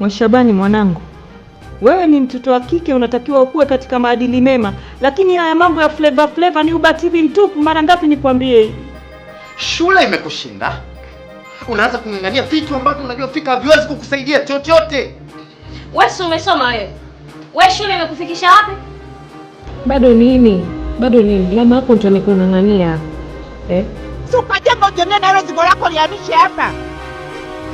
Mwashabani mwanangu, wewe ni mtoto wa kike, unatakiwa ukuwe katika maadili mema, lakini haya mambo ya fleva fleva ni ubatili mtupu. Mara ngapi nikwambie? Shule imekushinda, unaanza kung'ang'ania vitu ambavyo unajua fika haviwezi kukusaidia chochote. Wewe si umesoma wewe? Wewe shule imekufikisha wapi? Bado nini? Bado nini? Lama hapo ndio nikung'ang'ania eh? Si ukajenga ujengee nalo zigo lako lihamishe hapa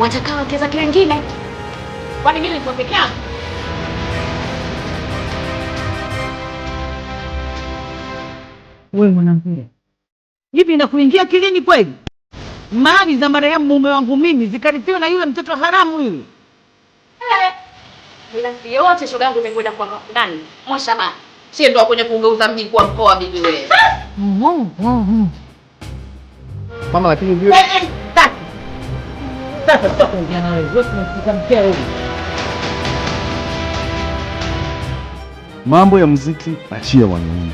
Wataka wekeza kingine, kwani mimi niko peke yangu? Wewe mwanamke, hivi inakuingia kilini kweli mali za marehemu mume wangu mimi zikarifiwe na yule mtoto haramu yule? Hey, eh, yote shoga yangu imekwenda kwa nani? Mwashamaa sie ndo kwenye kugeuza mji kwa mkoa bibi wewe. Mama lakini eh, eh sasa kuongea na wewe. Wewe huyu. Mambo ya muziki achia wanaume.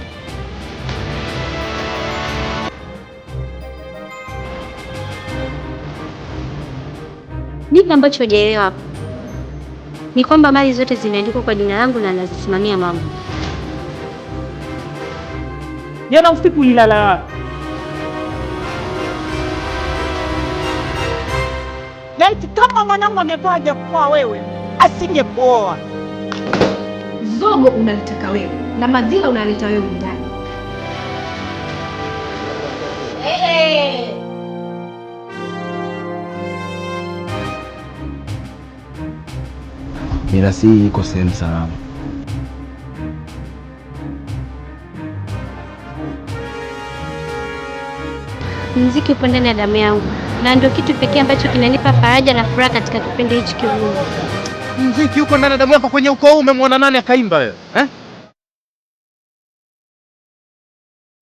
Nini ambacho hujaelewa hapo? Ni kwamba mali zote zimeandikwa kwa jina langu na nazisimamia mama. Jana usiku ulilala laiti kama mwanangu amepaja kuoa wewe asingekuoa. Zogo unalitaka wewe na madhila unaleta wewe ndani. Hey. Mirasi hii iko sehemu salama. Mziki upo ndani ya damu yangu na ndio kitu pekee ambacho kinanipa faraja na furaha katika kipindi hichi kigumu. Mziki huko ndani ya damu yako, kwenye ukoo umemwona nani akaimba wewe eh?